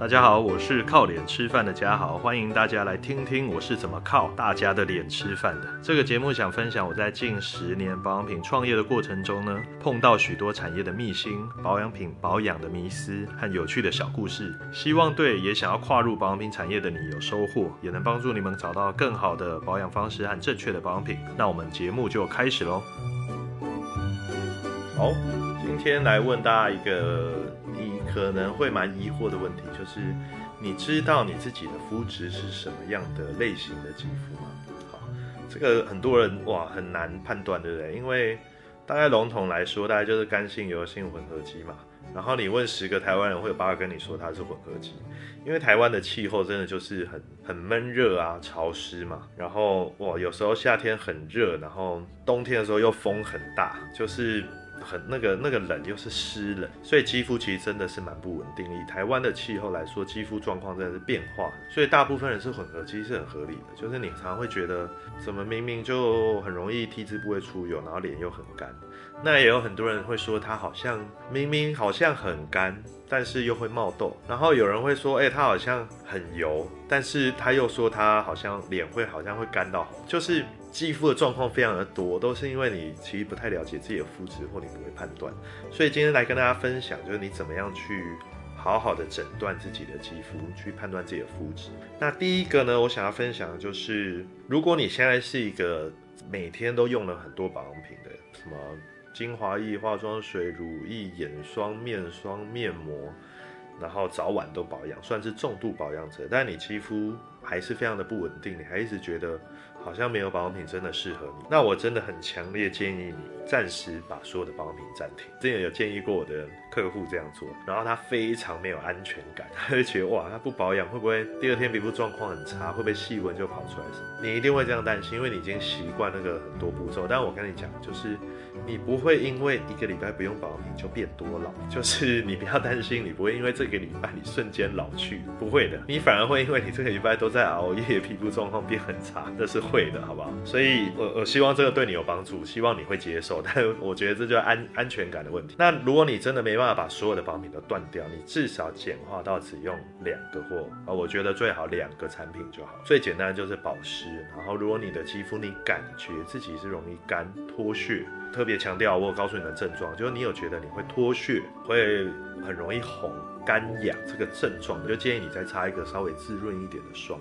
大家好，我是靠臉吃飯的嘉豪，歡迎大家來聽聽我是怎麼靠大家的臉吃飯的。這個節目想分享我在近十年保養品創業的過程中呢，碰到許多產業的秘辛、保養品保養的迷思和有趣的小故事，希望對也想要跨入保養品產業的你有收穫，也能幫助你們找到更好的保養方式和正確的保養品。那我們節目就開始嘍。好，今天來問大家一個。可能會蠻疑惑的問題就是，你知道你自己的膚質是什麼樣的類型的肌膚嗎？好，這個很多人哇很難判斷，對不對？因為大概籠統來說，大概就是乾性、油性、混合肌嘛。然後你問十個台灣人，會有八個跟你說它是混合肌，因為台灣的氣候真的就是很很悶熱啊、潮濕嘛。然後哇，有時候夏天很熱，然後冬天的時候又風很大，就是。很那個那個冷又是濕冷，所以肌膚其實真的是蠻不穩定。以台灣的氣候來說，肌膚狀況真的是變化。所以大部分人是混合，其實是很合理的。就是你常常會覺得，怎麼明明就很容易 T 字部位出油，然後臉又很乾。那也有很多人會說，他好像明明好像很乾，但是又會冒痘。然後有人會說，哎、欸，他好像很油，但是他又說他好像臉會好像會乾到紅，就是。肌膚的狀況非常的多，都是因為你其實不太了解自己的膚質，或你不會判斷。所以今天來跟大家分享，就是你怎麼樣去好好的診斷自己的肌膚，去判斷自己的膚質。那第一個呢，我想要分享的就是，如果你現在是一個每天都用了很多保養品的，什麼精華液、化妝水、乳液、眼霜、面霜、面膜，面膜然後早晚都保養，算是重度保養者，但你肌膚還是非常的不穩定，你還一直覺得好像沒有保養品真的適合你。那我真的很強烈建議你暫時把所有的保養品暫停。之前有建議過我的客戶這樣做，然後他非常沒有安全感，他就覺得哇，他不保養會不會第二天皮膚狀況很差，會不會細紋就跑出來什麼？你一定會這樣擔心，因為你已經習慣那個很多步驟。但我跟你講，就是你不會因為一個禮拜不用保養品就變多老，就是你不要擔心，你不會因為這個禮拜你瞬間老去，不會的，你反而會因為你這個禮拜都在熬夜皮膚狀況變很差，這是會的，好不好？所以，我我希望這個對你有幫助，希望你會接受。但我覺得這就是安安全感的問題。那如果你真的沒辦法把所有的保養品都斷掉，你至少簡化到只用兩個貨啊，我覺得最好兩個產品就好。最簡單的就是保濕。然後，如果你的肌膚你感覺自己是容易乾、脫屑，特別強調我有告訴你的症狀，就是你有覺得你會脫屑，會很容易紅。乾癢這個症狀，我就建議你再擦一個稍微滋潤一點的霜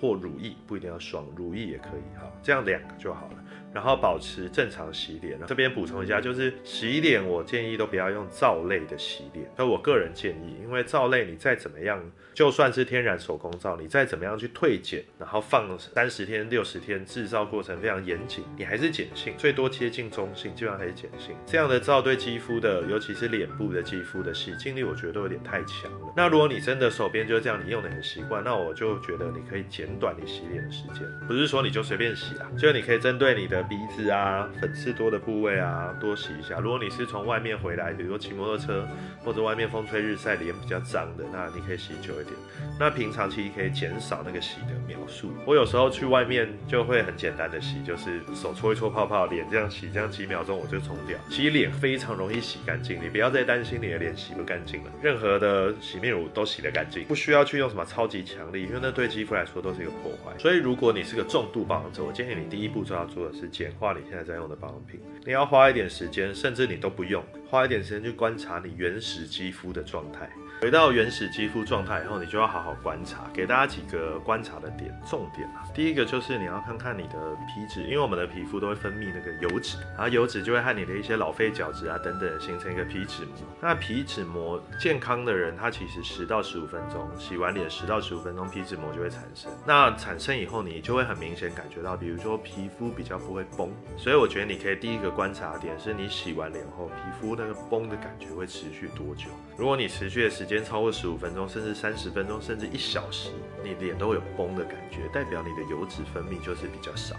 或乳液，不一定要霜，乳液也可以，好，這樣兩個就好了。然後保持正常洗臉，這邊補充一下，就是洗臉我建議都不要用皂類的洗臉。那我個人建議，因為皂類你再怎麼樣，就算是天然手工皂，你再怎麼樣去退鹼，然後放三十天、六十天，製造過程非常嚴謹，你還是鹼性，最多接近中性，基本上還是鹼性。這樣的皂對肌膚的，尤其是臉部的肌膚的洗淨力，我覺得都有點太強了。那如果你真的手邊就是這樣，你用的很習慣，那我就覺得你可以減短你洗臉的時間，不是說你就隨便洗啊，就你可以針對你的。鼻子啊，粉刺多的部位啊，多洗一下。如果你是從外面回來，比如說騎摩托車或者外面風吹日曬，臉比較髒的，那你可以洗久一點。那平常其實可以減少那個洗的秒數。我有時候去外面就會很簡單的洗，就是手搓一搓泡泡，臉這樣洗，這樣幾秒鐘我就沖掉。洗臉非常容易洗乾淨，你不要再擔心你的臉洗不乾淨了，任何的洗面乳都洗得乾淨，不需要去用什麼超級強力，因為那對肌膚來說都是一個破壞。所以如果你是個重度保養者，我建議你第一步就要做的是。簡化你現在在用的保養品，你要花一點時間，甚至你都不用。花一點時間去觀察你原始肌膚的狀態。回到原始肌膚狀態以後，你就要好好觀察。給大家幾個觀察的點，重點啊。第一個就是你要看看你的皮脂，因為我們的皮膚都會分泌那個油脂，然後油脂就會和你的一些老廢角質啊等等形成一個皮脂膜。那皮脂膜健康的人，他其實十到十五分鐘洗完臉，十到十五分鐘皮脂膜就會產生。那產生以後，你就會很明顯感覺到，比如說皮膚比較不會繃。所以我覺得你可以第一個觀察的點是你洗完臉後皮膚，那個繃的感覺會持續多久？如果你持續的時間超過十五分鐘，甚至三十分鐘，甚至一小時，你臉都會有繃的感覺，代表你的油脂分泌就是比較少，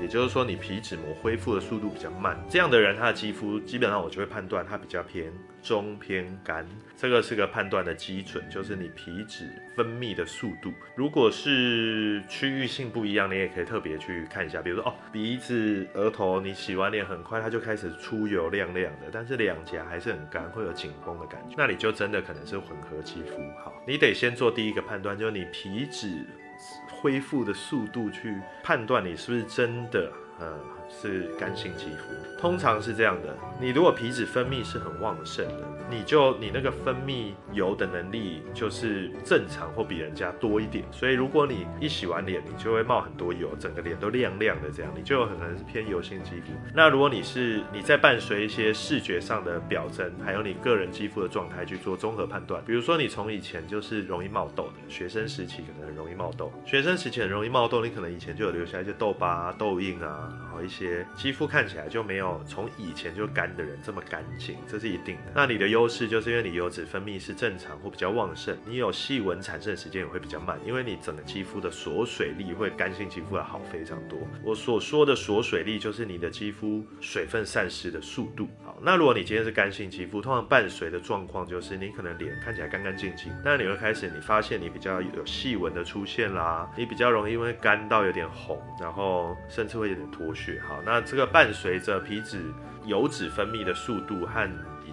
也就是說你皮脂膜恢復的速度比較慢。這樣的人，他的肌膚基本上我就會判斷他比較偏。中偏乾，這個是個判斷的基準，就是你皮脂分泌的速度。如果是區域性不一樣，你也可以特別去看一下。比如說，哦，鼻子、額頭，你洗完臉很快，它就開始出油亮亮的，但是兩頰還是很乾，會有緊繃的感覺，那你就真的可能是混合肌膚。好，你得先做第一個判斷，就是你皮脂恢復的速度，去判斷你是不是真的嗯。是乾性肌膚，通常是這樣的。你如果皮脂分泌是很旺盛的，你就你那個分泌油的能力就是正常或比人家多一點。所以如果你一洗完臉，你就會冒很多油，整個臉都亮亮的這樣，你就有可能是偏油性肌膚。那如果你是你在伴隨一些視覺上的表徵，還有你個人肌膚的狀態去做綜合判斷。比如說你從以前就是容易冒痘的，學生時期可能很容易冒痘，學生時期很容易冒痘，你可能以前就有留下一些痘疤啊、痘印啊，然後一些，些肌膚看起來就沒有從以前就乾的人這麼乾淨，這是一定的。那你的優勢就是因為你油脂分泌是正常或比較旺盛，你有細紋產生的時間也會比較慢，因為你整個肌膚的鎖水力會乾性肌膚要好非常多。我所說的鎖水力就是你的肌膚水分散失的速度。好，那如果你今天是乾性肌膚，通常伴隨的狀況就是你可能臉看起來乾乾淨淨，但你會開始你發現你比較有細紋的出現啦，你比較容易因為乾到有點紅，然後甚至會有點脫屑。好，那這個伴隨着皮脂油脂分泌的速度和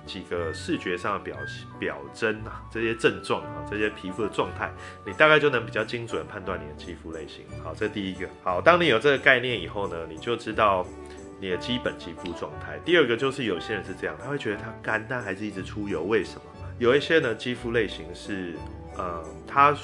幾個視覺上的表表徵啊，這些症狀啊，這些皮膚的狀態，你大概就能比較精準判斷你的肌膚類型。好，這第一個。好，當你有這個概念以後呢，你就知道你的基本肌膚狀態。第二個就是有些人是這樣，他會覺得他乾，但還是一直出油，為什麼？有一些呢，肌膚類型是呃，他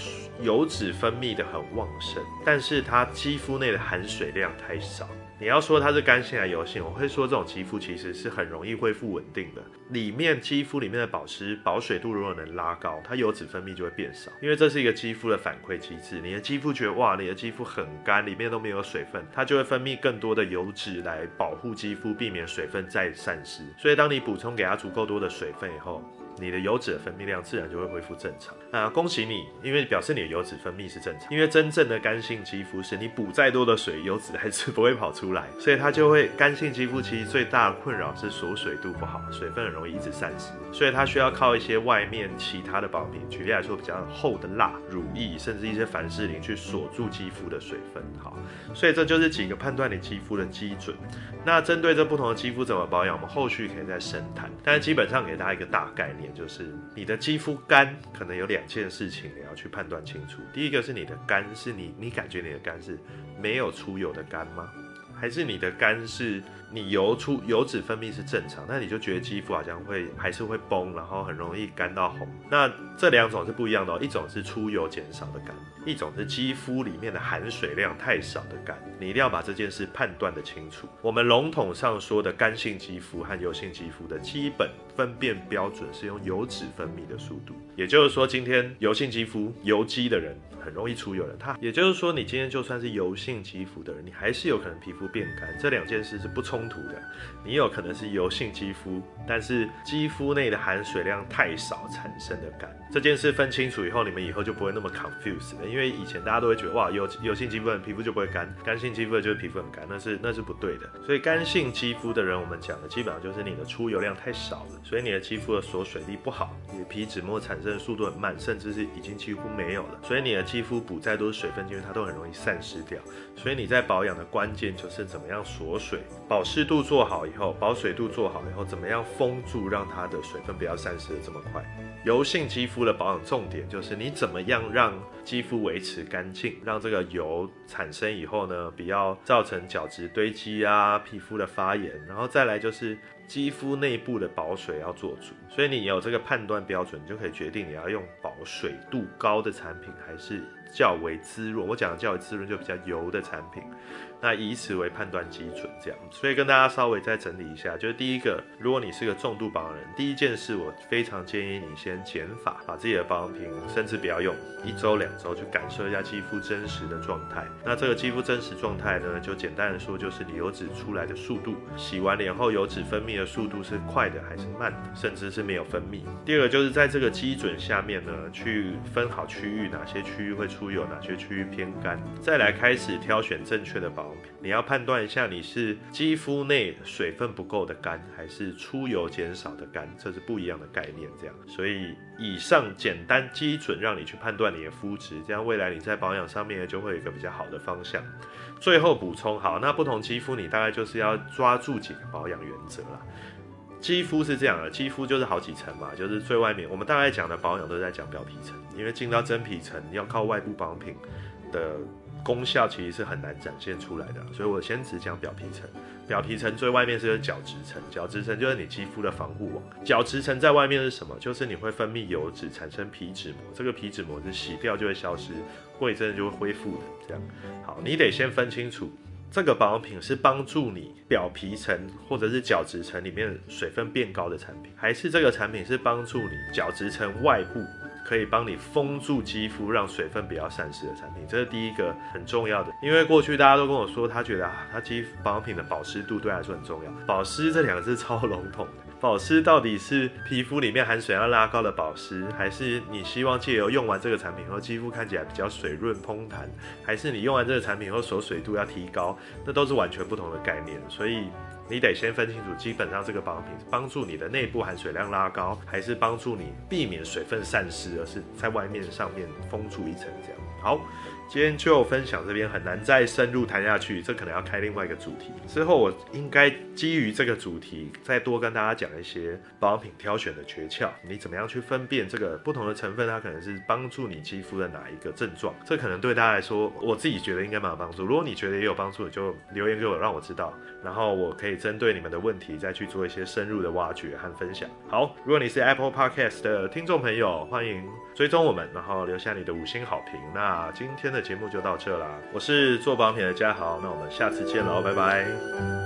油脂分泌的很旺盛，但是他肌膚內的含水量太少。你要說它是乾性還是油性，我會說這種肌膚其實是很容易恢復穩定的。裡面肌膚裡面的保濕、保水度如果能拉高，它油脂分泌就會變少，因為這是一個肌膚的反饋機制。你的肌膚覺得哇，你的肌膚很乾，裡面都沒有水分，它就會分泌更多的油脂來保護肌膚，避免水分再散失。所以當你補充給它足夠多的水分以後，你的油脂的分泌量自然就會恢復正常。啊、呃，恭喜你，因為表示你的油脂分泌是正常。因為真正的乾性肌膚是你補再多的水，油脂還是不會跑出來，所以它就會乾性肌膚其實最大的困擾是鎖水度不好，水分很容易一直散失，所以它需要靠一些外面其他的保養品。舉例來說，比較厚的蠟、乳液，甚至一些凡士林去鎖住肌膚的水分。好，所以這就是幾個判斷你肌膚的基準。那針對這不同的肌膚怎麼保養，我們後續可以再深談。但是基本上給大家一個大概念，就是你的肌膚乾可能有兩。兩件事情你要去判斷清楚，第一個是你的肝，是你你感覺你的肝是沒有出油的肝嗎？還是你的肝是？你油出油脂分泌是正常，那你就覺得肌膚好像會還是會崩，然後很容易乾到紅。那這兩種是不一樣的哦，一種是出油減少的乾，一種是肌膚裡面的含水量太少的乾。你一定要把這件事判斷的清楚。我們籠統上說的乾性肌膚和油性肌膚的基本分辨標準是用油脂分泌的速度，也就是說今天油性肌膚油肌的人很容易出油的，他也就是說你今天就算是油性肌膚的人，你還是有可能皮膚變乾。這兩件事是不衝衝突的，你有可能是油性肌膚，但是肌膚內的含水量太少產生的乾。這件事分清楚以後，你們以後就不會那麼 confused 了。因為以前大家都會覺得，哇，油油性肌膚的皮膚就不會乾，乾性肌膚的就是皮膚很乾，那是那是不對的。所以乾性肌膚的人，我們講的基本上就是你的出油量太少了，所以你的肌膚的鎖水力不好，你的皮脂膜產生的速度很慢，甚至是已經幾乎沒有了。所以你的肌膚補再多水分，因為它都很容易散失掉。所以你在保養的關鍵就是怎麼樣鎖水、保濕。濕度做好以後，保水度做好以後，怎麼樣封住，讓它的水分不要散失的這麼快？油性肌膚的保養重點就是你怎麼樣讓肌膚維持乾淨，讓這個油產生以後呢，不要造成角質堆積啊，皮膚的發炎，然後再來就是肌膚內部的保水要做足。所以你有這個判斷標準，就可以決定你要用保水度高的產品還是。較為滋潤，我講的較為滋潤就比較油的產品，那以此為判斷基準，這樣，所以跟大家稍微再整理一下，就是第一個，如果你是個重度保養人，第一件事我非常建議你先減法，把自己的保養品甚至不要用一周兩周，去感受一下肌膚真實的狀態。那這個肌膚真實狀態呢，就簡單的說就是你油脂出來的速度，洗完臉後油脂分泌的速度是快的還是慢的，甚至是沒有分泌。第二個就是在這個基準下面呢，去分好區域，哪些區域會出，出油哪些區域偏乾，再來開始挑選正確的保養品。你要判斷一下你是肌膚內水分不夠的乾，還是出油減少的乾，這是不一樣的概念。這樣，所以以上簡單基準讓你去判斷你的膚質，這樣未來你在保養上面就會有一個比較好的方向。最後補充好，那不同肌膚你大概就是要抓住幾個保養原則了。肌膚是這樣的，肌膚就是好幾層嘛，就是最外面，我們大概講的保養都是在講表皮層，因為進到真皮層，你要靠外部保養品的功效，其實是很難展現出來的啊，所以我先只講表皮層。表皮層最外面是個角質層，角質層就是你肌膚的防護網。角質層在外面是什麼？就是你會分泌油脂，產生皮脂膜，這個皮脂膜是洗掉就會消失，過一陣就會恢復的，這樣。好，你得先分清楚。這個保養品是幫助你表皮層或者是角質層裡面水分變高的產品，還是這個產品是幫助你角質層外部可以幫你封住肌膚，讓水分比較散失的產品？這是第一個很重要的，因為過去大家都跟我說，他覺得啊，他肌膚保養品的保濕度對他來說很重要，保濕這兩個字超籠統的。保濕到底是皮膚裡面含水量拉高的保濕，還是你希望借由用完這個產品後，肌膚看起來比較水潤蓬彈，還是你用完這個產品後鎖水度要提高，那都是完全不同的概念。所以你得先分清楚，基本上這個保養品是幫助你的內部含水量拉高，還是幫助你避免水分散失，而是在外面上面封住一層這樣。好。今天就分享這邊很難再深入談下去，這可能要開另外一個主題。之後我應該基於這個主題，再多跟大家講一些保養品挑選的訣竅，你怎麼樣去分辨這個不同的成分，它可能是幫助你肌膚的哪一個症狀？這可能對大家來說，我自己覺得應該蠻有幫助。如果你覺得也有幫助，就留言給我，讓我知道，然後我可以針對你們的問題，再去做一些深入的挖掘和分享。好，如果你是 Apple Podcast 的聽眾朋友，歡迎追蹤我們，然後留下你的五星好評。那今天的。節目就到這啦，我是做保品的嘉豪，那我們下次見嘍，拜拜。